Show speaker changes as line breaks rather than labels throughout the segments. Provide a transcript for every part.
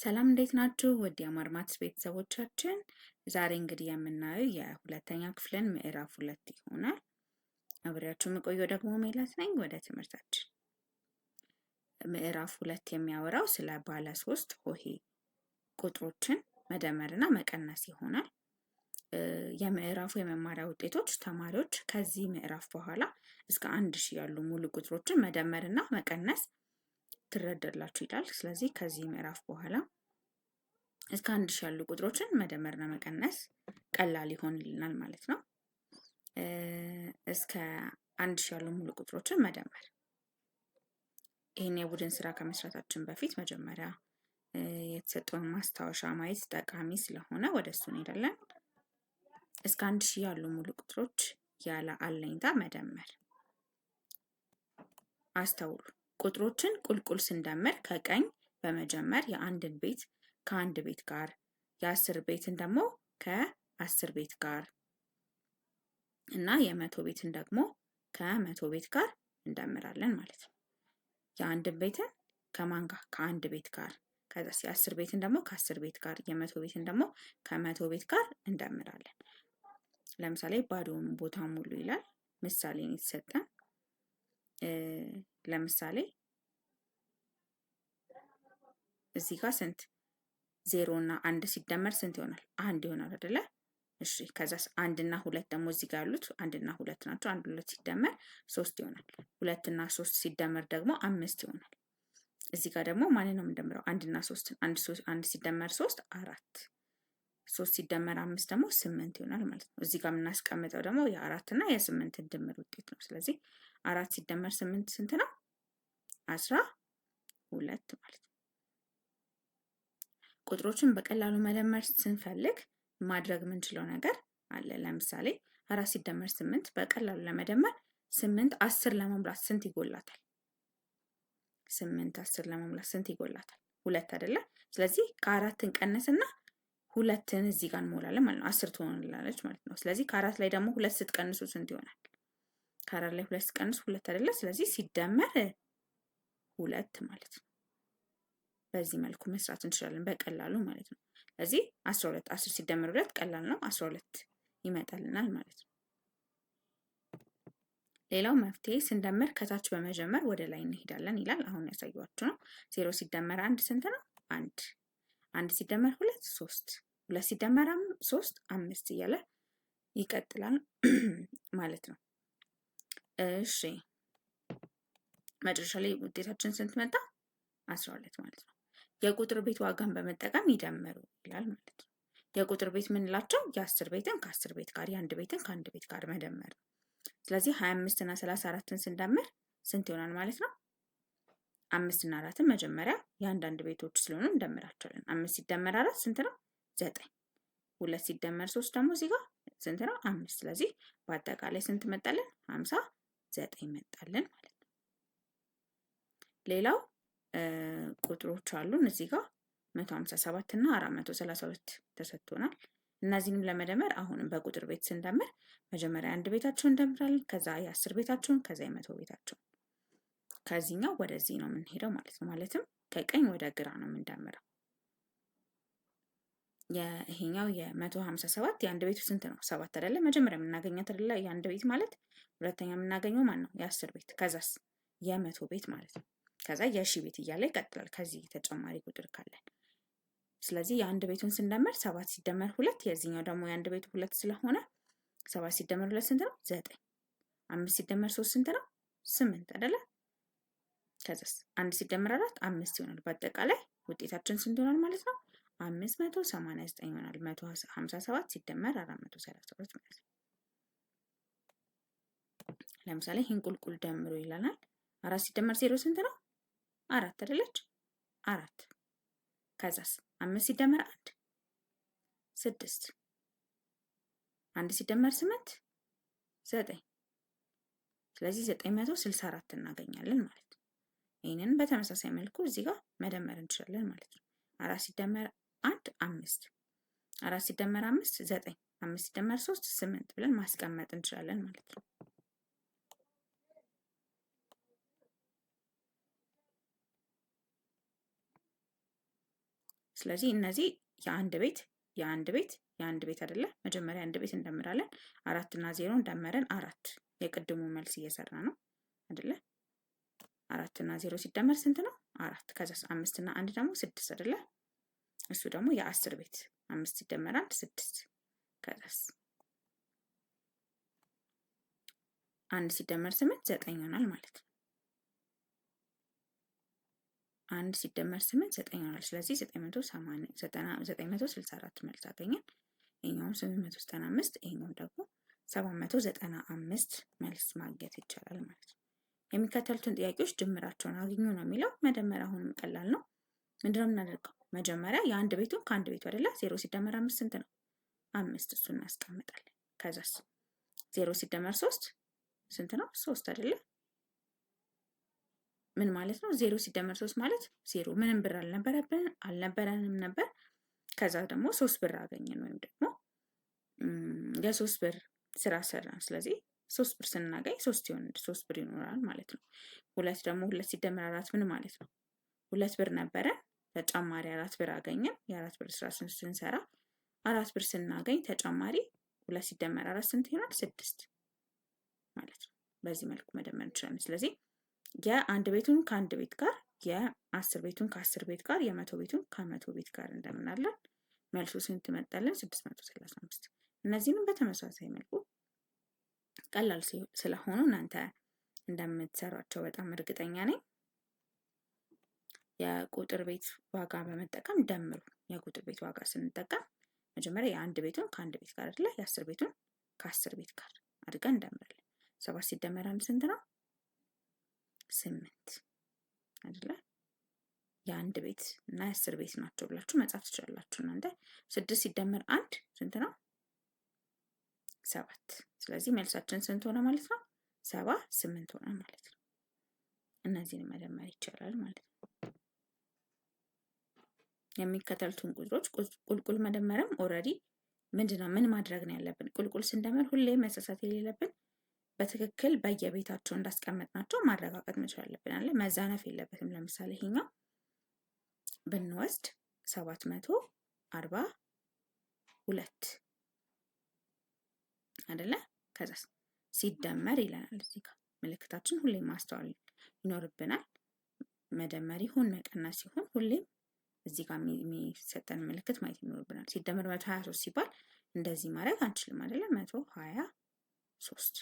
ሰላም እንዴት ናችሁ? ውድ የአማር ማትስ ቤተሰቦቻችን ዛሬ እንግዲህ የምናየው የሁለተኛ ክፍልን ምዕራፍ ሁለት ይሆናል። አብሬያችሁ የምቆየው ደግሞ ሜላት ነኝ። ወደ ትምህርታችን ምዕራፍ ሁለት የሚያወራው ስለ ባለ ሶስት ሆሄ ቁጥሮችን መደመርና መቀነስ ይሆናል። የምዕራፉ የመማሪያ ውጤቶች ተማሪዎች ከዚህ ምዕራፍ በኋላ እስከ አንድ ሺህ ያሉ ሙሉ ቁጥሮችን መደመርና መቀነስ ትረዳላችሁ ይላል። ስለዚህ ከዚህ ምዕራፍ በኋላ እስከ አንድ ሺ ያሉ ቁጥሮችን መደመርና መቀነስ ቀላል ይሆንልናል ማለት ነው። እስከ አንድ ሺ ያሉ ሙሉ ቁጥሮችን መደመር ይህን የቡድን ስራ ከመስራታችን በፊት መጀመሪያ የተሰጠውን ማስታወሻ ማየት ጠቃሚ ስለሆነ ወደ እሱ እንሄዳለን። እስከ አንድ ሺህ ያሉ ሙሉ ቁጥሮች ያለ አለኝታ መደመር አስተውሉ። ቁጥሮችን ቁልቁል ስንደምር ከቀኝ በመጀመር የአንድን ቤት ከአንድ ቤት ጋር የአስር ቤትን ደግሞ ከአስር ቤት ጋር እና የመቶ ቤትን ደግሞ ከመቶ ቤት ጋር እንደምራለን ማለት ነው። የአንድን ቤትን ከማን ጋር? ከአንድ ቤት ጋር ከዛ የአስር ቤትን ደግሞ ከአስር ቤት ጋር የመቶ ቤትን ደግሞ ከመቶ ቤት ጋር እንደምራለን። ለምሳሌ ባዶውን ቦታ ሙሉ ይላል። ምሳሌን የተሰጠን ለምሳሌ እዚህ ጋር ስንት ዜሮ እና አንድ ሲደመር ስንት ይሆናል? አንድ ይሆናል አደለ? እሺ ከዛስ አንድ እና ሁለት ደግሞ እዚህ ጋር ያሉት አንድ እና ሁለት ናቸው። አንድ ሁለት ሲደመር ሶስት ይሆናል። ሁለት እና ሶስት ሲደመር ደግሞ አምስት ይሆናል። እዚህ ጋር ደግሞ ማንን ነው የምንደምረው? አንድ እና ሶስት አንድ ሲደመር ሶስት አራት፣ ሶስት ሲደመር አምስት ደግሞ ስምንት ይሆናል ማለት ነው። እዚህ ጋር የምናስቀምጠው ደግሞ የአራት እና የስምንትን ድምር ውጤት ነው። ስለዚህ አራት ሲደመር ስምንት ስንት ነው? አስራ ሁለት ማለት ነው። ቁጥሮችን በቀላሉ መደመር ስንፈልግ ማድረግ የምንችለው ነገር አለ። ለምሳሌ አራት ሲደመር ስምንት በቀላሉ ለመደመር ስምንት አስር ለመሙላት ስንት ይጎላታል? ስምንት አስር ለመሙላት ስንት ይጎላታል? ሁለት አይደለ? ስለዚህ ከአራትን እንቀነስና ሁለትን እዚህ ጋር እንሞላለን ማለት ነው። አስር ትሆንላለች ማለት ነው። ስለዚህ ከአራት ላይ ደግሞ ሁለት ስትቀንሱ ስንት ይሆናል? ከአራት ላይ ሁለት ቀንስ ሁለት አይደለ? ስለዚህ ሲደመር ሁለት ማለት ነው። በዚህ መልኩ መስራት እንችላለን በቀላሉ ማለት ነው። ስለዚህ አስራ ሁለት አስር ሲደመር ሁለት ቀላል ነው፣ አስራ ሁለት ይመጣልናል ማለት ነው። ሌላው መፍትሄ ስንደምር ከታች በመጀመር ወደ ላይ እንሄዳለን ይላል። አሁን ያሳየኋችሁ ነው። ዜሮ ሲደመር አንድ ስንት ነው? አንድ። አንድ ሲደመር ሁለት ሶስት። ሁለት ሲደመር ሶስት አምስት እያለ ይቀጥላል ማለት ነው። እሺ መጨረሻ ላይ ውጤታችን ስንት መጣ? አስራ ሁለት ማለት ነው። የቁጥር ቤት ዋጋን በመጠቀም ይደምሩ ይላል ማለት ነው። የቁጥር ቤት ምንላቸው? የአስር ቤትን ከአስር ቤት ጋር የአንድ ቤትን ከአንድ ቤት ጋር መደመር ነው። ስለዚህ ሀያ አምስት እና ሰላሳ አራትን ስንደምር ስንት ይሆናል ማለት ነው? አምስት እና አራትን መጀመሪያ የአንዳንድ ቤቶች ስለሆኑ እንደምራቸዋለን። አምስት ሲደመር አራት ስንት ነው? ዘጠኝ። ሁለት ሲደመር ሶስት ደግሞ እዚህ ጋር ስንት ነው? አምስት። ስለዚህ በአጠቃላይ ስንት መጣለን? ሀምሳ ዘጠኝ መጣልን ማለት ነው። ሌላው ቁጥሮች አሉን እዚህ ጋር 157 እና 432 ተሰጥቶናል። እነዚህንም ለመደመር አሁንም በቁጥር ቤት ስንደምር መጀመሪያ አንድ ቤታቸውን እንደምራለን፣ ከዛ የአስር ቤታቸውን፣ ከዛ የመቶ ቤታቸውን። ከዚህኛው ወደዚህ ነው የምንሄደው ማለት ነው። ማለትም ከቀኝ ወደ ግራ ነው የምንደምረው። ይሄኛው የመቶ ሀምሳ ሰባት የአንድ ቤቱ ስንት ነው? ሰባት አይደለ? መጀመሪያ የምናገኛት አይደለ? የአንድ ቤት ማለት ሁለተኛ የምናገኘው ማን ነው? የአስር ቤት ከዛስ የመቶ ቤት ማለት ነው። ከዛ የሺ ቤት እያለ ይቀጥላል ከዚህ ተጨማሪ ቁጥር ካለን። ስለዚህ የአንድ ቤቱን ስንደመር ሰባት ሲደመር ሁለት የዚህኛው ደግሞ የአንድ ቤቱ ሁለት ስለሆነ ሰባት ሲደመር ሁለት ስንት ነው? ዘጠኝ። አምስት ሲደመር ሶስት ስንት ነው? ስምንት አይደለ? ከዛስ አንድ ሲደመር አራት አምስት ይሆናል። በአጠቃላይ ውጤታችን ስንት ይሆናል ማለት ነው? አምስት መቶ ሰማንያ ዘጠኝ ይሆናል። መቶ ሀምሳ ሰባት ሲደመር አራት መቶ ሰላሳ ሁለት ማለት ነው። ለምሳሌ ይህን ቁልቁል ደምሮ ይላናል። አራት ሲደመር ዜሮ ስንት ነው? አራት አይደለች? አራት ከዛስ አምስት ሲደመር አንድ ስድስት አንድ ሲደመር ስምንት ዘጠኝ ስለዚህ ዘጠኝ መቶ ስልሳ አራት እናገኛለን ማለት ነው። ይህንን በተመሳሳይ መልኩ እዚህ ጋር መደመር እንችላለን ማለት ነው። አራት ሲደመር አምስት አራት ሲደመር አምስት ዘጠኝ አምስት ሲደመር ሶስት ስምንት ብለን ማስቀመጥ እንችላለን ማለት ነው። ስለዚህ እነዚህ የአንድ ቤት የአንድ ቤት የአንድ ቤት አይደለ? መጀመሪያ አንድ ቤት እንደምራለን። አራት እና ዜሮ እንደመረን አራት የቅድሙ መልስ እየሰራ ነው አይደለ? አራት እና ዜሮ ሲደመር ስንት ነው? አራት። ከዛ አምስት እና አንድ ደግሞ ስድስት አይደለ? እሱ ደግሞ የአስር ቤት አምስት ሲደመር አንድ ስድስት ከዛስ አንድ ሲደመር ስምንት ዘጠኝ ይሆናል ማለት ነው። አንድ ሲደመር ስምንት ዘጠኝ ይሆናል። ስለዚህ ዘጠኝ መቶ ዘጠኝ መቶ ስልሳ አራት መልስ አገኘን። ይሄኛውም ስምንት መቶ ዘጠና አምስት ይሄኛውም ደግሞ ሰባት መቶ ዘጠና አምስት መልስ ማግኘት ይቻላል ማለት ነው። የሚከተሉትን ጥያቄዎች ድምራቸውን አግኙ ነው የሚለው መደመር አሁንም ቀላል ነው። ምንድነው የምናደርገው? መጀመሪያ የአንድ ቤቱን ከአንድ ቤቱ አይደለ ዜሮ ሲደመር አምስት ስንት ነው? አምስት እሱ እናስቀምጣለን። ከዛስ ዜሮ ሲደመር ሶስት ስንት ነው? ሶስት አይደለ ምን ማለት ነው? ዜሮ ሲደመር ሶስት ማለት ዜሮ። ምንም ብር አልነበረብን አልነበረንም ነበር። ከዛ ደግሞ ሶስት ብር አገኘን ወይም ደግሞ የሶስት ብር ስራ ሰራን። ስለዚህ ሶስት ብር ስናገኝ ሶስት ይሆን ሶስት ብር ይኖራል ማለት ነው። ሁለት ደግሞ ሁለት ሲደመር አራት ምን ማለት ነው? ሁለት ብር ነበረን ተጨማሪ አራት ብር አገኘን። የአራት ብር ስራ ስንሰራ አራት ብር ስናገኝ ተጨማሪ ሁለት ሲደመር አራት ስንት ይሆናል? ስድስት ማለት ነው። በዚህ መልኩ መደመር እንችላለን። ስለዚህ የአንድ ቤቱን ከአንድ ቤት ጋር፣ የአስር ቤቱን ከአስር ቤት ጋር፣ የመቶ ቤቱን ከመቶ ቤት ጋር እንደምናለን። መልሱ ስንት መጣለን? ስድስት መቶ ሰላሳ አምስት እነዚህንም በተመሳሳይ መልኩ ቀላል ስለሆኑ እናንተ እንደምትሰሯቸው በጣም እርግጠኛ ነኝ። የቁጥር ቤት ዋጋ በመጠቀም ደምሩ። የቁጥር ቤት ዋጋ ስንጠቀም መጀመሪያ የአንድ ቤቱን ከአንድ ቤት ጋር አይደለ የአስር ቤቱን ከአስር ቤት ጋር አድርገን እንደምራለን። ሰባት ሲደመር አንድ ስንት ነው? ስምንት አይደለ? የአንድ ቤት እና የአስር ቤት ናቸው ብላችሁ መጻፍ ትችላላችሁ እናንተ። ስድስት ሲደመር አንድ ስንት ነው? ሰባት። ስለዚህ መልሳችን ስንት ሆነ ማለት ነው? ሰባ ስምንት ሆነ ማለት ነው። እነዚህን መደመር ይቻላል ማለት ነው። የሚከተሉትን ቁጥሮች ቁልቁል መደመርም ኦልሬዲ ምንድን ምን ማድረግ ነው ያለብን? ቁልቁል ስንደመር ሁሌ መሳሳት የሌለብን በትክክል በየቤታቸው እንዳስቀመጥናቸው ማረጋገጥ መቻል አለብን አለ መዛነፍ የለበትም። ለምሳሌ ይሄኛው ብንወስድ ሰባት መቶ አርባ ሁለት አደለ ከዛ ሲደመር ይለናል። እዚህ ጋር ምልክታችን ሁሌም ማስተዋል ይኖርብናል። መደመር ይሁን መቀነስ ይሁን ሁሌም እዚህ ጋር የሚሰጠን ምልክት ማየት ይኖርብናል። ሲደምር መቶ ሀያ ሶስት ሲባል እንደዚህ ማድረግ አንችልም አይደለም። መቶ ሀያ ሶስት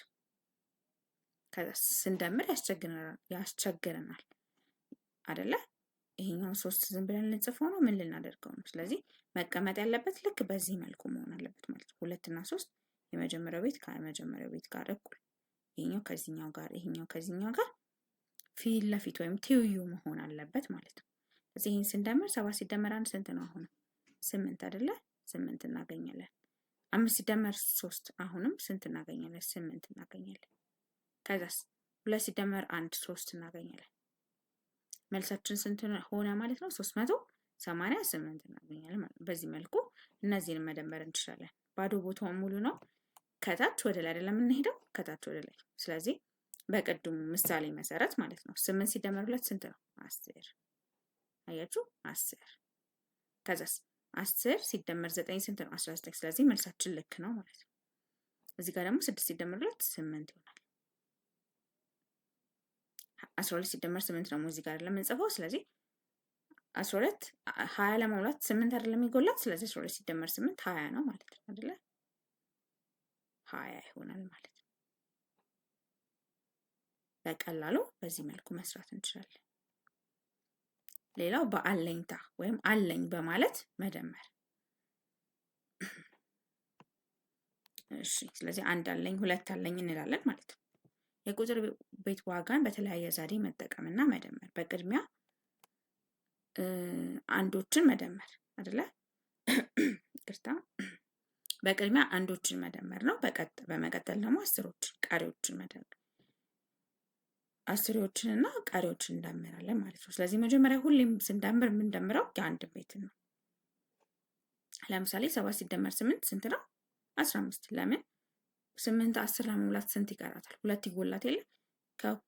ከዛ ስንደምር ያስቸግረናል አደለ? ይሄኛውን ሶስት ዝም ብለን ልንጽፈው ነው? ምን ልናደርገው ነው? ስለዚህ መቀመጥ ያለበት ልክ በዚህ መልኩ መሆን አለበት ማለት ነው። ሁለትና ሶስት የመጀመሪያው ቤት ከመጀመሪያው ቤት ጋር እኩል፣ ይሄኛው ከዚህኛው ጋር፣ ይሄኛው ከዚህኛው ጋር ፊት ለፊት ወይም ትይዩ መሆን አለበት ማለት ነው። እዚህ ስንደምር ሰባት ሲደመር አንድ ስንት ነው? አሁንም ስምንት አይደለ? ስምንት እናገኛለን። አምስት ሲደመር ሶስት አሁንም ስንት እናገኛለን? ስምንት እናገኛለን። ከዛስ ሁለት ሲደመር አንድ ሶስት እናገኛለን። መልሳችን ስንት ሆነ ማለት ነው? ሶስት መቶ ሰማንያ ስምንት እናገኛለን። በዚህ መልኩ እነዚህን መደመር እንችላለን። ባዶ ቦታውን ሙሉ ነው። ከታች ወደ ላይ አይደለም የምንሄደው፣ ከታች ወደ ላይ። ስለዚህ በቅድሙ ምሳሌ መሰረት ማለት ነው ስምንት ሲደመር ሁለት ስንት ነው? አስር አያችሁ አስር ከዛስ አስር ሲደመር ዘጠኝ ስንት ነው? አስራ ዘጠኝ ስለዚህ መልሳችን ልክ ነው ማለት ነው። እዚህ ጋር ደግሞ ስድስት ሲደመር ሁለት ስምንት ይሆናል። አስራ ሁለት ሲደመር ስምንት ነው እዚህ ጋር ለምንጽፈው ስለዚህ አስራ ሁለት ሀያ ለመሙላት ስምንት አይደለም የሚጎላት። ስለዚህ አስራ ሁለት ሲደመር ስምንት ሀያ ነው ማለት ነው አይደለ? ሀያ ይሆናል ማለት ነው። በቀላሉ በዚህ መልኩ መስራት እንችላለን። ሌላው በአለኝታ ወይም አለኝ በማለት መደመር። እሺ ስለዚህ አንድ አለኝ ሁለት አለኝ እንላለን ማለት ነው። የቁጥር ቤት ዋጋን በተለያየ ዘዴ መጠቀምና መደመር። በቅድሚያ አንዶችን መደመር አደለ? ይቅርታ፣ በቅድሚያ አንዶችን መደመር ነው። በመቀጠል ደግሞ አስሮችን፣ ቀሪዎችን መደመር አስሪዎችን እና ቀሪዎችን እንደምራለን ማለት ነው። ስለዚህ መጀመሪያ ሁሌም ስንደምር የምንደምረው የአንድ ቤት ነው። ለምሳሌ ሰባት ሲደመር ስምንት ስንት ነው? አስራ አምስት ለምን ስምንት አስር ለመሙላት ስንት ይቀራታል? ሁለት ይጎላት የለ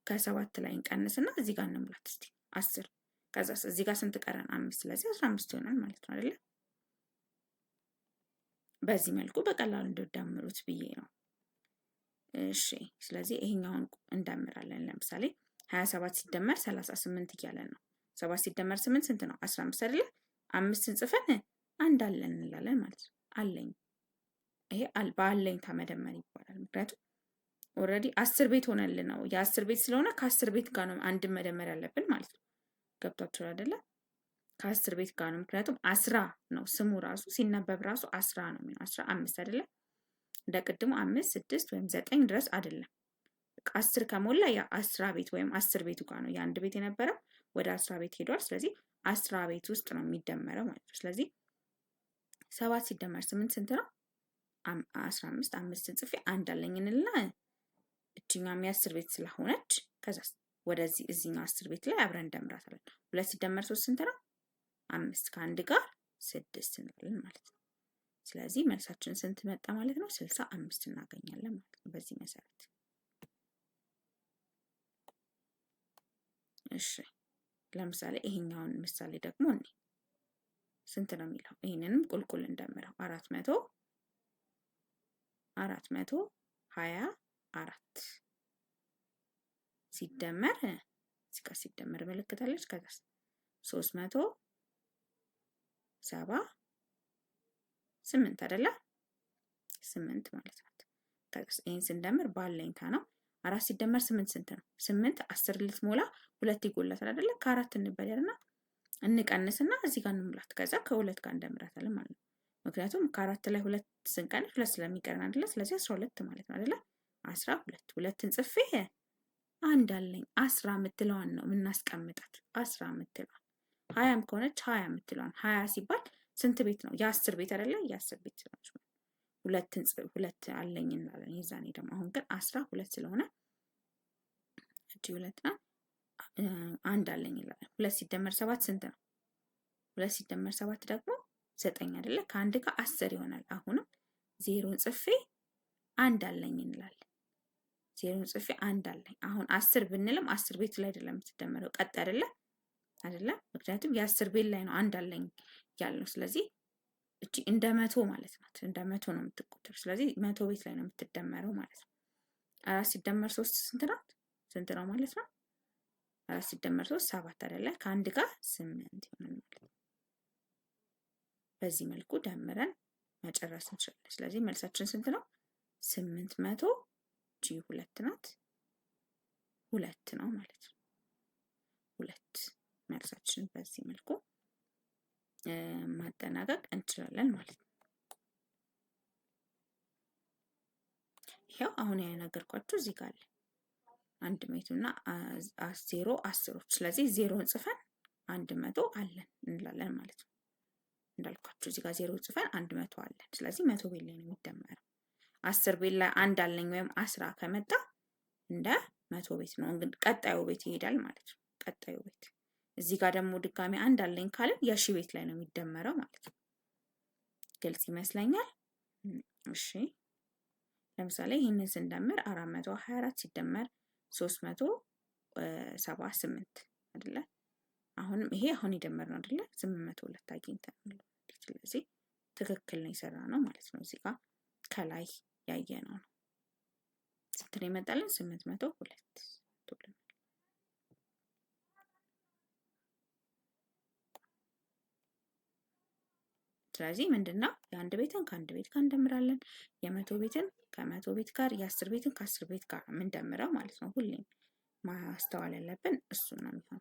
ከሰባት ላይ እንቀንስና እዚህ ጋር እንሙላት እስኪ አስር ከዛ እዚህ ጋር ስንት ቀረን? አምስት ስለዚህ አስራ አምስት ይሆናል ማለት ነው አይደለ? በዚህ መልኩ በቀላሉ እንደዳምሩት ብዬ ነው። እሺ ስለዚህ ይሄኛውን እንደምራለን። ለምሳሌ 27 ሲደመር 38 እያለን ነው። 7 ሲደመር 8 ስንት ነው? 15 አይደለ? አምስት ጽፈን አንድ አለን እንላለን ማለት ነው። አለኝ ይሄ በአለኝታ መደመር ይባላል። ምክንያቱም ኦልሬዲ አስር ቤት ሆነልን ነው። የአስር ቤት ስለሆነ ከአስር ቤት ጋር ነው አንድን መደመር ያለብን ማለት ነው። ገብቷችኋል አይደለ? ከአስር ቤት ጋር ነው። ምክንያቱም አስራ ነው ስሙ ራሱ ሲነበብ ራሱ አስራ ነው። አስራ አምስት አይደለም እንደ አምስት ስድስት ወይም ዘጠኝ ድረስ አይደለም። አስር ከሞላ ያ አስራ ቤት ወይም አስር ቤቱ ጋር ነው የአንድ ቤት የነበረው ወደ አስራ ቤት ሄዷል። ስለዚህ አስራ ቤት ውስጥ ነው የሚደመረው ማለት ነው። ስለዚህ ሰባት ሲደመር ስምንት ስንት ነው? አስራ አምስት አምስትን ጽፌ አንድ አለኝንና እችኛም የአስር ቤት ስለሆነች ከዛ ወደዚህ እዚህኛው አስር ቤት ላይ አብረን እንደምራታለን። ሁለት ሲደመር ሶስት ስንት ነው? አምስት ከአንድ ጋር ስድስት እንላለን ማለት ነው። ስለዚህ መልሳችን ስንት መጣ ማለት ነው? ስልሳ አምስት እናገኛለን ማለት ነው በዚህ መሰረት። እሺ ለምሳሌ ይሄኛውን ምሳሌ ደግሞ እኔ ስንት ነው የሚለው ይህንንም ቁልቁል እንደምለው አራት መቶ አራት መቶ ሀያ አራት ሲደመር እዚጋ ሲደመር ምልክታለች ከዛስ ሶስት መቶ ሰባ ስምንት አይደለ? ስምንት ማለት ናት። ይህን ስንደምር ባለኝታ ነው። አራት ሲደመር ስምንት ስንት ነው? ስምንት አስር ልትሞላ ሁለት ይጎላታል አይደለ? ከአራት እንበደርና እንቀንስና እዚህ ጋር እንሙላት። ከዛ ከሁለት ጋር እንደምራታለን ማለት ነው። ምክንያቱም ከአራት ላይ ሁለት ስንቀንስ ሁለት ስለሚቀረን አይደለ? ስለዚህ አስራ ሁለት ማለት ነው አይደለ? አስራ ሁለት ሁለትን ጽፌ አንድ አለኝ አስራ የምትለዋን ነው የምናስቀምጣት። አስራ የምትለዋን ሀያም ከሆነች ሀያ የምትለዋን ሀያ ሲባል ስንት ቤት ነው? የአስር ቤት አደለ? የአስር ቤት ነው። ሁለት ሁለት አለኝ እንላለን። የዛኔ ደግሞ አሁን ግን አስራ ሁለት ስለሆነ እጅ ሁለት ነው አንድ አለኝ እንላለን። ሁለት ሲደመር ሰባት ስንት ነው? ሁለት ሲደመር ሰባት ደግሞ ዘጠኝ አደለ? ከአንድ ጋር አስር ይሆናል። አሁንም ዜሮን ጽፌ አንድ አለኝ እንላለን። ዜሮን ጽፌ አንድ አለኝ። አሁን አስር ብንልም አስር ቤት ላይ አይደለም የምትደመረው። ቀጥ አደለ አይደለም፣ ምክንያቱም የአስር ቤት ላይ ነው አንድ አለኝ እያል ነው። ስለዚህ እቺ እንደ መቶ ማለት ናት። እንደ መቶ ነው የምትቆጠሩ። ስለዚህ መቶ ቤት ላይ ነው የምትደመረው ማለት ነው። አራት ሲደመር ሶስት ስንት ናት? ስንት ነው ማለት ነው። አራት ሲደመር ሶስት ሰባት አይደለ? ከአንድ ጋር ስምንት ይሆናል ማለት ነው። በዚህ መልኩ ደምረን መጨረስ እንችላለን። ስለዚህ መልሳችን ስንት ነው? ስምንት መቶ ጂ ሁለት ናት። ሁለት ነው ማለት ነው። ሁለት መልሳችን በዚህ መልኩ ማጠናቀቅ እንችላለን ማለት ነው። ይኸው አሁን ያነገርኳችሁ እዚህ ጋር አለ አንድ መቶ እና ዜሮ አስሮች። ስለዚህ ዜሮን ጽፈን አንድ መቶ አለን እንላለን ማለት ነው። እንዳልኳችሁ እዚህ ጋር ዜሮ ጽፈን አንድ መቶ አለን። ስለዚህ መቶ ቤላ ነው የሚደመረው። አስር ቤላ አንድ አለኝ ወይም አስራ ከመጣ እንደ መቶ ቤት ነው። እንግዲህ ቀጣዩ ቤት ይሄዳል ማለት ነው። ቀጣዩ ቤት እዚህ ጋር ደግሞ ድጋሚ አንድ አለኝ ካልን የሺ ቤት ላይ ነው የሚደመረው ማለት ነው። ግልጽ ይመስለኛል። እሺ ለምሳሌ ይህንን ስንደምር አራት መቶ ሀያ አራት ሲደመር ሶስት መቶ ሰባ ስምንት አይደለ? አሁንም ይሄ አሁን ነው አይደለ? ስምንት መቶ ሁለት አግኝተናል። ስለዚህ ትክክል ነው የሰራ ነው ማለት ነው። እዚህ ጋር ከላይ ያየ ነው ነው ስንት ነው የመጣልን? ስምንት መቶ ሁለት ስለዚህ ምንድን ነው የአንድ ቤትን ከአንድ ቤት ጋር እንደምራለን። የመቶ ቤትን ከመቶ ቤት ጋር፣ የአስር ቤትን ከአስር ቤት ጋር የምንደምረው ማለት ነው። ሁሌም ማስተዋል ያለብን እሱ ነው የሚሆነው።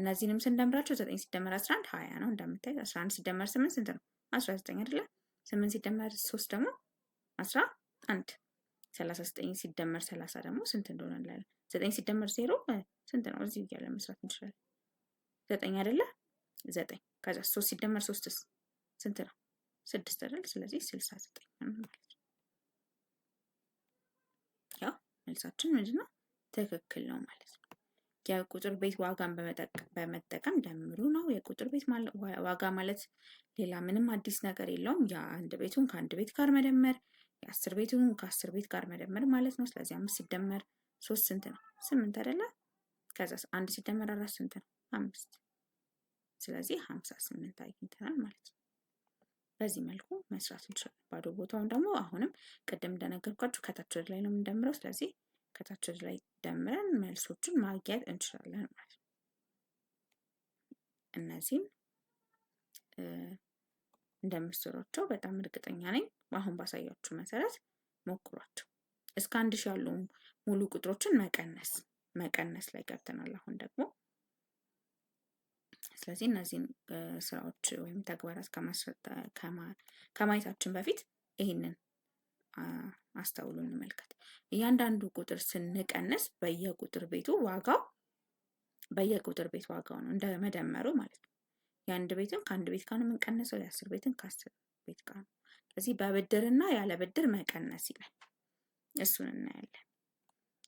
እነዚህንም ስንደምራቸው ዘጠኝ ሲደመር አስራ አንድ ሀያ ነው እንደምታዩት። አስራ አንድ ሲደመር ስምንት ስንት ነው? አስራ ዘጠኝ አይደለ? ስምንት ሲደመር ሶስት ደግሞ አስራ አንድ። ሰላሳ ዘጠኝ ሲደመር ሰላሳ ደግሞ ስንት እንደሆነ እንላለን። ዘጠኝ ሲደመር ዜሮ ስንት ነው? እዚህ እያለ መስራት እንችላለን። ዘጠኝ አይደለ? ዘጠኝ ከዛ ሶስት ሲደመር ሶስትስ ስንት ነው? ስድስት አይደል? ስለዚህ ስልሳ ዘጠኝ ማለት ነው። ያው መልሳችን ምንድነው? ትክክል ነው ማለት ነው። የቁጥር ቤት ዋጋን በመጠቀም ደምሩ ነው የቁጥር ቤት ዋጋ ማለት ሌላ ምንም አዲስ ነገር የለውም። የአንድ ቤቱን ከአንድ ቤት ጋር መደመር፣ የአስር ቤቱን ከአስር ቤት ጋር መደመር ማለት ነው። ስለዚህ አምስት ሲደመር ሶስት ስንት ነው? ስምንት አይደለ? ከዛ አንድ ሲደመር አራት ስንት ነው? አምስት። ስለዚህ ሀምሳ ስምንት አግኝተናል ማለት ነው። በዚህ መልኩ መስራት እንችላለን። ባዶ ቦታውን ደግሞ አሁንም ቅድም እንደነገርኳችሁ ከታች ወደ ላይ ነው የምንደምረው። ስለዚህ ከታች ወደ ላይ ደምረን መልሶቹን ማግኘት እንችላለን ማለት ነው። እነዚህም እንደምትሰሯቸው በጣም እርግጠኛ ነኝ። አሁን ባሳያችሁ መሰረት ሞክሯቸው። እስከ አንድ ሺ ያሉ ሙሉ ቁጥሮችን መቀነስ መቀነስ ላይ ገብተናል። አሁን ደግሞ ስለዚህ እነዚህን ስራዎች ወይም ተግባራት ከማየታችን በፊት ይህንን አስተውሉ እንመልከት። እያንዳንዱ ቁጥር ስንቀንስ በየቁጥር ቤቱ ዋጋው በየቁጥር ቤት ዋጋው ነው እንደ መደመሩ ማለት ነው። የአንድ ቤትን ከአንድ ቤት ጋር ነው የምንቀንሰው፣ የአስር ቤትን ከአስር ቤት ጋር ነው። ስለዚህ በብድርና ያለ ብድር መቀነስ ይላል። እሱን እናያለን።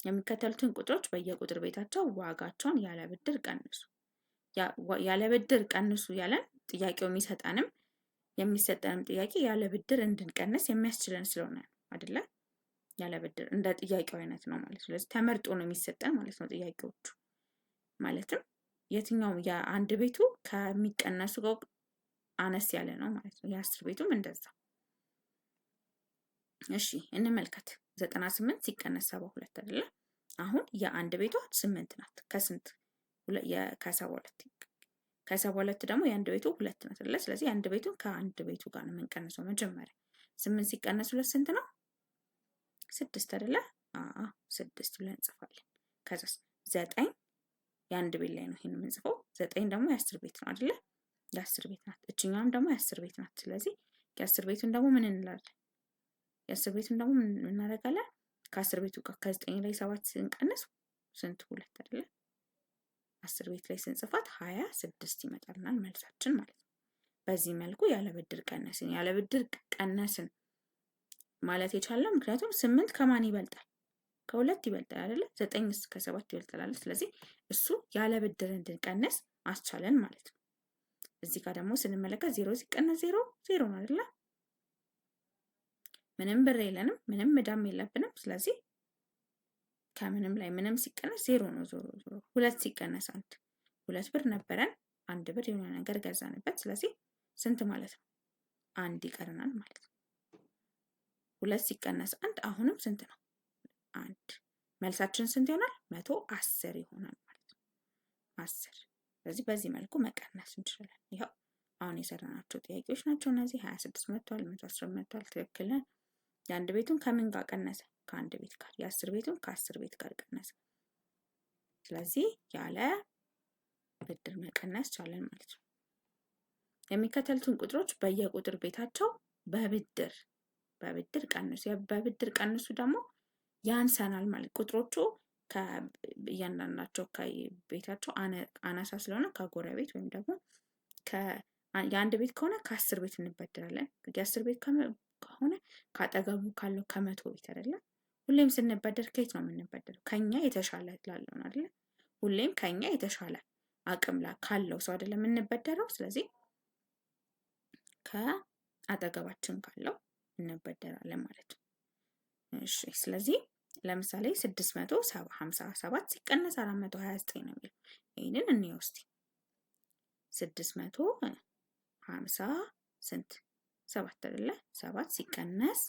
የሚከተሉትን ቁጥሮች በየቁጥር ቤታቸው ዋጋቸውን ያለ ብድር ቀንሱ። ያለ ብድር ቀንሱ ያለን ጥያቄው የሚሰጠንም የሚሰጠንም ጥያቄ ያለ ብድር እንድንቀንስ የሚያስችለን ስለሆነ አይደለ? ያለ ብድር እንደ ጥያቄው አይነት ነው ማለት ነው። ስለዚህ ተመርጦ ነው የሚሰጠን ማለት ነው ጥያቄዎቹ ማለትም የትኛውም የአንድ ቤቱ ከሚቀነሱ ጋር አነስ ያለ ነው ማለት ነው። የአስር ቤቱም እንደዛ። እሺ እንመልከት። ዘጠና ስምንት ሲቀነስ ሰባ ሁለት አይደለ? አሁን የአንድ ቤቷ ስምንት ናት። ከስንት ከሰባ ሁለት ከሰባ ሁለት ደግሞ የአንድ ቤቱ ሁለት ነው አይደለ? ስለዚህ የአንድ ቤቱን ከአንድ ቤቱ ጋር ነው የምንቀንሰው። መጀመሪያ ስምንት ሲቀነስ ሁለት ስንት ነው? ስድስት አይደለ? ስድስት ብለን እንጽፋለን። ከዛ ዘጠኝ የአንድ ቤት ላይ ነው ይሄን የምንጽፈው። ዘጠኝ ደግሞ የአስር ቤት ነው አይደለ? የአስር ቤት ናት። እችኛዋም ደግሞ የአስር ቤት ናት። ስለዚህ የአስር ቤቱን ደግሞ ምን እንላለን? የአስር ቤቱን ደግሞ ምን እናደርጋለን? ከአስር ቤቱ ጋር ከዘጠኝ ላይ ሰባት ስንቀንስ ስንት? ሁለት አይደለ? አስር ቤት ላይ ስንጽፋት ሀያ ስድስት ይመጣልናል መልሳችን ማለት ነው። በዚህ መልኩ ያለብድር ቀነስን ያለብድር ቀነስን ማለት የቻለው ምክንያቱም ስምንት ከማን ይበልጣል? ከሁለት ይበልጣል አይደለ? ዘጠኝ ከሰባት ይበልጣል። ስለዚህ እሱ ያለብድር እንድንቀነስ አስቻለን ማለት ነው። እዚህ ጋር ደግሞ ስንመለከት ዜሮ ሲቀነስ ዜሮ ዜሮ ነው አይደለ? ምንም ብር የለንም፣ ምንም ዕዳም የለብንም። ስለዚህ ከምንም ላይ ምንም ሲቀነስ ዜሮ ነው። ዞሮ ዞሮ ሁለት ሲቀነስ አንድ ሁለት ብር ነበረን። አንድ ብር የሆነ ነገር ገዛንበት። ስለዚህ ስንት ማለት ነው? አንድ ይቀርናል ማለት ነው። ሁለት ሲቀነስ አንድ አሁንም ስንት ነው? አንድ። መልሳችን ስንት ይሆናል? መቶ አስር ይሆናል ማለት ነው። አስር። ስለዚህ በዚህ መልኩ መቀነስ እንችላለን። ይኸው አሁን የሰራናቸው ጥያቄዎች ናቸው እነዚህ። ሀያ ስድስት መጥቷል፣ መቶ አስር መጥቷል። ትክክል። የአንድ ቤቱን ከምን ጋር ቀነሰ? ከአንድ ቤት ጋር የአስር ቤቱን ከአስር ቤት ጋር ቀነሰ። ስለዚህ ያለ ብድር መቀነስ ቻለን ማለት ነው። የሚከተሉትን ቁጥሮች በየቁጥር ቤታቸው በብድር በብድር ቀንሱ። በብድር ቀንሱ ደግሞ ያንሰናል ማለት ቁጥሮቹ እያንዳንዳቸው ከቤታቸው አናሳ ስለሆነ ከጎረቤት ወይም ደግሞ የአንድ ቤት ከሆነ ከአስር ቤት እንበድራለን። የአስር ቤት ከሆነ ከአጠገቡ ካለው ከመቶ ቤት አይደለም ሁሌም ስንበደር ከየት ነው የምንበደረው? ከኛ የተሻለ ላለው ነው አይደለ? ሁሌም ከኛ የተሻለ አቅም ካለው ሰው አይደለም የምንበደረው። ስለዚህ ከአጠገባችን ካለው እንበደራለን ማለት ነው። እሺ ስለዚህ ለምሳሌ ሰባት ሲቀነስ ዘጠኝ ነው የሚለው። ይህንን እንየው መቶ ሀምሳ ስንት ሰባት አይደለ? ሰባት ሲቀነስ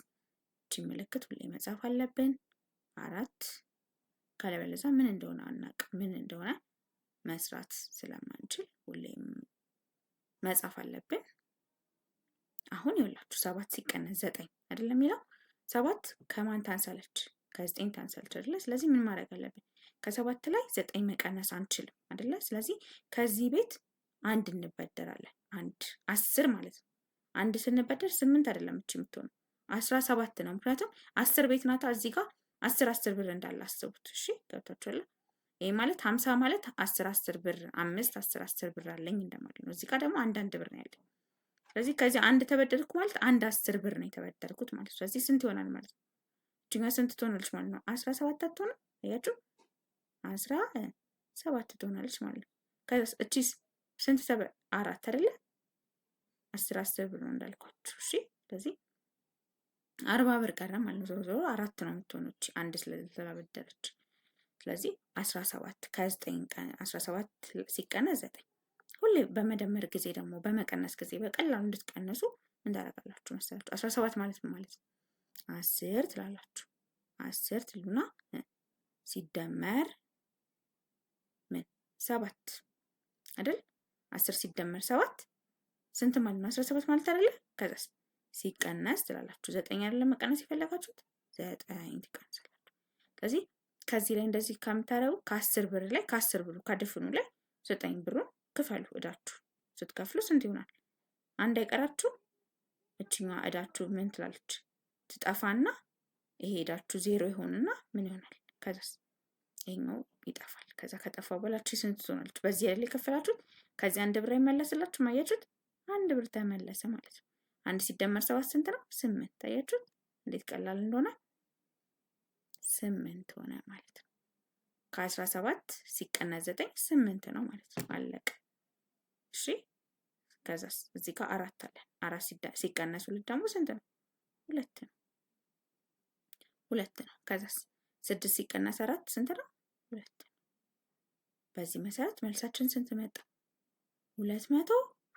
እቺ ምልክት ሁሌ መጻፍ አለብን። አራት ከለበለዛ ምን እንደሆነ አናቅ ምን እንደሆነ መስራት ስለማንችል ሁሌም መጻፍ አለብን። አሁን ይውላችሁ ሰባት ሲቀነስ ዘጠኝ አይደለም የሚለው ሰባት ከማን ታንሳለች? ከዘጠኝ ታንሳለች አይደለ? ስለዚህ ምን ማድረግ አለብን? ከሰባት ላይ ዘጠኝ መቀነስ አንችልም አይደለ? ስለዚህ ከዚህ ቤት አንድ እንበደራለን። አንድ አስር ማለት ነው። አንድ ስንበደር ስምንት አይደለም እች የምትሆነው አስራ ሰባት ነው። ምክንያቱም አስር ቤት ናታ እዚህ ጋር አስር አስር ብር እንዳላስቡት። እሺ ገብታችኋል? ይህ ማለት ሀምሳ ማለት አስር አስር ብር አምስት አስር አስር ብር አለኝ እንደማለት ነው። እዚህ ጋር ደግሞ አንድ አንድ ብር ነው ያለኝ። ስለዚህ ከዚህ አንድ ተበደርኩ ማለት አንድ አስር ብር ነው የተበደርኩት ማለት ነው። ስለዚህ ስንት ይሆናል ማለት ነው? እችኛ ስንት ትሆናለች ማለት ነው? አስራ ሰባት አትሆንም? አያችሁ አስራ ሰባት ትሆናለች ማለት ነው። እቺ ስንት ሰበ አራት አይደለ? አስር አስር ብር ነው እንዳልኳችሁ። እሺ ስለዚህ አርባ ብር ቀረ ማለት ነው። ዞሮ ዞሮ አራት ነው የምትሆኖች አንድ ስለተበደረች። ስለዚህ አስራ ሰባት ከዘጠኝ ቀን አስራ ሰባት ሲቀነስ ዘጠኝ። ሁሌ በመደመር ጊዜ ደግሞ በመቀነስ ጊዜ በቀላሉ እንድትቀንሱ እንዳረጋላችሁ መሰላችሁ። አስራ ሰባት ማለት ነው ማለት ነው አስር ትላላችሁ። አስር ትሉና ሲደመር ምን ሰባት አይደል? አስር ሲደመር ሰባት ስንት ማለት ነው? አስራ ሰባት ማለት አይደለ? ከዛስ ሲቀነስ ትላላችሁ። ዘጠኝ አይደለም መቀነስ የፈለጋችሁት ዘጠኝ ትቀንሳላችሁ። ስለዚህ ከዚህ ላይ እንደዚህ ከምታረጉ ከአስር ብር ላይ ከአስር ብሩ ከድፍኑ ላይ ዘጠኝ ብሩን ክፈሉ። እዳችሁ ስትከፍሉ ስንት ይሆናል? አንድ አይቀራችሁ። እችኛ እዳችሁ ምን ትላለች? ትጠፋና ይሄ እዳችሁ ዜሮ ይሆንና ምን ይሆናል? ከዛስ ይሄኛው ይጠፋል። ከዛ ከጠፋ በላችሁ ስንት ትሆናለች? በዚህ ላይ የከፈላችሁት ከዚህ አንድ ብር ይመለስላችሁ። ማያችሁት? አንድ ብር ተመለሰ ማለት ነው። አንድ ሲደመር ሰባት ስንት ነው? ስምንት። ታያችሁት እንዴት ቀላል እንደሆነ ስምንት ሆነ ማለት ነው። ከአስራ ሰባት ሲቀነስ ዘጠኝ ስምንት ነው ማለት ነው። አለቀ። እሺ ከዛስ እዚህ ጋር አራት አለ። አራት ሲቀነስ ሁለት ደግሞ ስንት ነው? ሁለት ነው። ሁለት ነው። ከዛስ ስድስት ሲቀነስ አራት ስንት ነው? ሁለት ነው። በዚህ መሰረት መልሳችን ስንት መጣ? ሁለት መቶ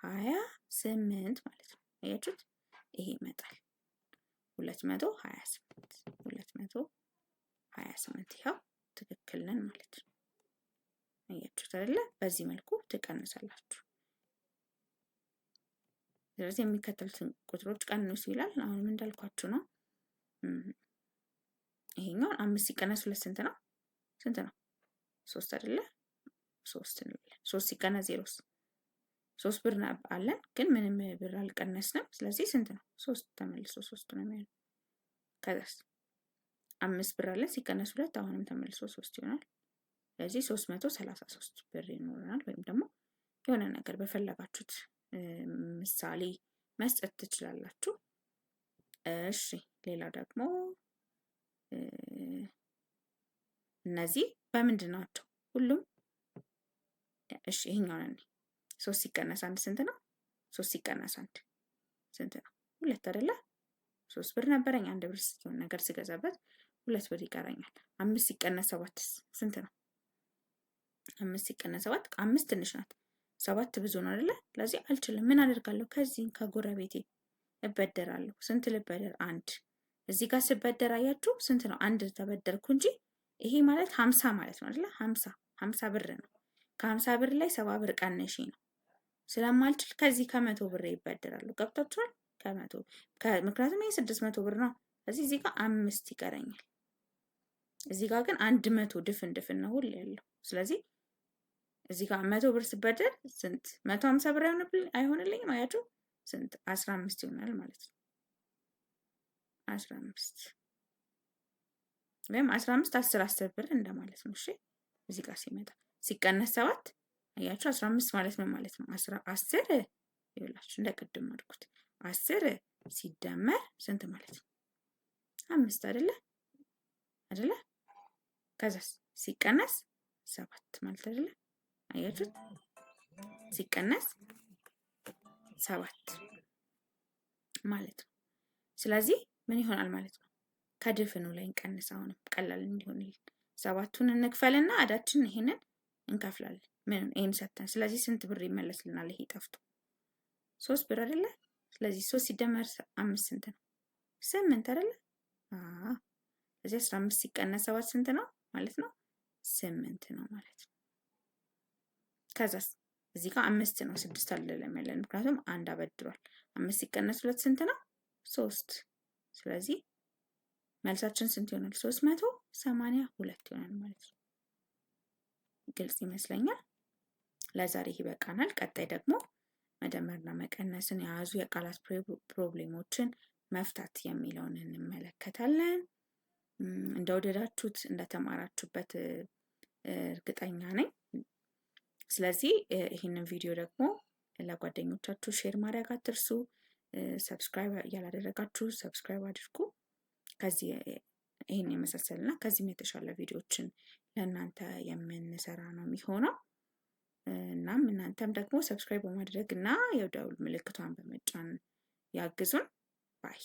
ሀያ ስምንት ማለት ነው። አያችሁት? ይሄ ይመጣል 228 228 ይኸው ትክክል ነን ማለት ነው። አያችሁት አይደለ? በዚህ መልኩ ትቀንሳላችሁ። ስለዚህ የሚከተሉትን ቁጥሮች ቀንሱ ይላል። አሁንም እንዳልኳችሁ ነው። ይሄኛውን አምስት ሲቀነስ ሁለት ስንት ነው? ስንት ነው? ሶስት አይደለ? ሶስት ነው። ሶስት ሲቀነስ ዜሮስ ሶስት ብር አለን ግን ምንም ብር አልቀነስንም። ስለዚህ ስንት ነው? ሶስት ተመልሶ ሶስት ነው የሚሆነው። ከዛስ አምስት ብር አለን ሲቀነስ ሁለት አሁንም ተመልሶ ሶስት ይሆናል። ስለዚህ ሶስት መቶ ሰላሳ ሶስት ብር ይኖረናል። ወይም ደግሞ የሆነ ነገር በፈለጋችሁት ምሳሌ መስጠት ትችላላችሁ። እሺ ሌላ ደግሞ እነዚህ በምንድን ናቸው ሁሉም? እሺ ይሄኛውን ሶስት ሲቀነስ አንድ ስንት ነው? ሶስት ሲቀነስ አንድ ስንት ነው? ሁለት አይደለ? ሶስት ብር ነበረኝ። አንድ ብር ስትሆን ነገር ስገዛበት ሁለት ብር ይቀረኛል። አምስት ሲቀነስ ሰባት ስንት ነው? አምስት ሲቀነስ ሰባት አምስት ትንሽ ናት፣ ሰባት ብዙ ነው አይደለ? ለዚህ አልችልም። ምን አደርጋለሁ? ከዚህ ከጎረቤቴ እበደራለሁ። ስንት ልበደር? አንድ። እዚህ ጋር ስበደር አያችሁ ስንት ነው? አንድ ተበደርኩ እንጂ ይሄ ማለት ሀምሳ ማለት ነው አይደለ? ሀምሳ ሀምሳ ብር ነው። ከሀምሳ ብር ላይ ሰባ ብር ቀነሽ ነው ስለማልችል ከዚህ ከመቶ ብር ይበደራሉ። ገብታችኋል? ከመቶ ምክንያቱም ይሄ ስድስት መቶ ብር ነው። ከዚህ እዚህ ጋር አምስት ይቀረኛል። እዚህ ጋር ግን አንድ መቶ ድፍን ድፍን ነው ሁሉ ያለው። ስለዚህ እዚህ ጋር መቶ ብር ስበደር ስንት መቶ ሀምሳ ብር አይሆንልኝም። አያችሁ ስንት አስራ አምስት ይሆናል ማለት ነው። አስራ አምስት ወይም አስራ አምስት አስር አስር ብር እንደማለት ነው። እሺ እዚህ ጋር ሲመጣ ሲቀነስ ሰባት አያችሁ አስራ አምስት ማለት ነው ማለት ነው። አስራ አስር ይውላችሁ እንደ ቅድም አድርጉት። አስር ሲደመር ስንት ማለት ነው? አምስት አይደለ አይደለ? ከዛስ ሲቀነስ ሰባት ማለት አይደለ? አያችሁት? ሲቀነስ ሰባት ማለት ነው። ስለዚህ ምን ይሆናል ማለት ነው? ከድፍኑ ላይ እንቀንስ። አሁንም ቀላል እንዲሆንልን ሰባቱን እንክፈልና አዳችን ይሄንን እንከፍላለን። ምን ይሄን ሰተን? ስለዚህ ስንት ብር ይመለስልናል? ይሄ ጠፍቶ ሶስት ብር አይደለ? ስለዚህ ሶስት ሲደመር አምስት ስንት ነው? ስምንት አይደለ? ስለዚህ አስራ አምስት ሲቀነስ ሰባት ስንት ነው ማለት ነው? ስምንት ነው ማለት ነው። ከዛስ እዚህ ጋር አምስት ነው። ስድስት አይደለም ያለን ምክንያቱም አንድ አበድሯል። አምስት ሲቀነስ ሁለት ስንት ነው? ሶስት። ስለዚህ መልሳችን ስንት ይሆናል? ሶስት መቶ ሰማንያ ሁለት ይሆናል ማለት ነው። ግልጽ ይመስለኛል። ለዛሬ ይበቃናል። ቀጣይ ደግሞ መደመርና መቀነስን የያዙ የቃላት ፕሮብሌሞችን መፍታት የሚለውን እንመለከታለን። እንደወደዳችሁት እንደተማራችሁበት እርግጠኛ ነኝ። ስለዚህ ይህንን ቪዲዮ ደግሞ ለጓደኞቻችሁ ሼር ማድረግ አትርሱ። ሰብስክራይብ ያላደረጋችሁ ሰብስክራይብ አድርጉ። ከዚህ ይህን የመሳሰልና ከዚህም የተሻለ ቪዲዮዎችን ለእናንተ የምንሰራ ነው የሚሆነው። እናም እናንተም ደግሞ ሰብስክራይብ በማድረግ እና የደውል ምልክቷን በመጫን ያግዙን ባይ